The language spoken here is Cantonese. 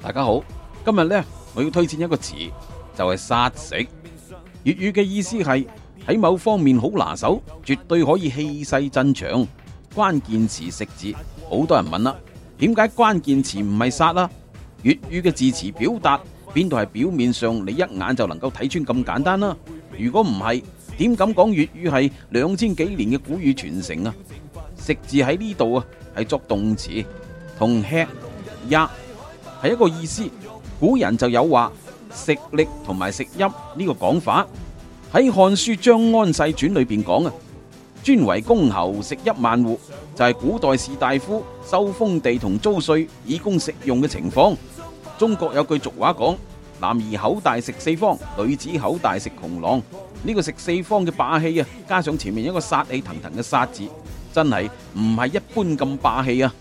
大家好，今日呢，我要推薦一個詞，就係、是、殺食。粵語嘅意思係喺某方面好拿手，絕對可以氣勢鎮場。關鍵詞食字，好多人問啦、啊，點解關鍵詞唔係殺啦、啊？粵語嘅字詞表達，邊度係表面上你一眼就能夠睇穿咁簡單啦、啊？如果唔係，點敢講粵語係兩千幾年嘅古語傳承啊？食字喺呢度啊，係作動詞，同吃、吔，係一個意思，古人就有話食力同埋食邑呢個講法，喺《漢書張安世傳》裏邊講啊，尊為公侯食邑萬戶，就係古代士大夫收封地同租稅以供食用嘅情況。中國有句俗話講，男兒口大食四方，女子口大食窮郎。呢個食四方嘅霸氣啊，加上前面一個殺氣騰騰嘅殺字，真係唔係一般咁霸氣啊！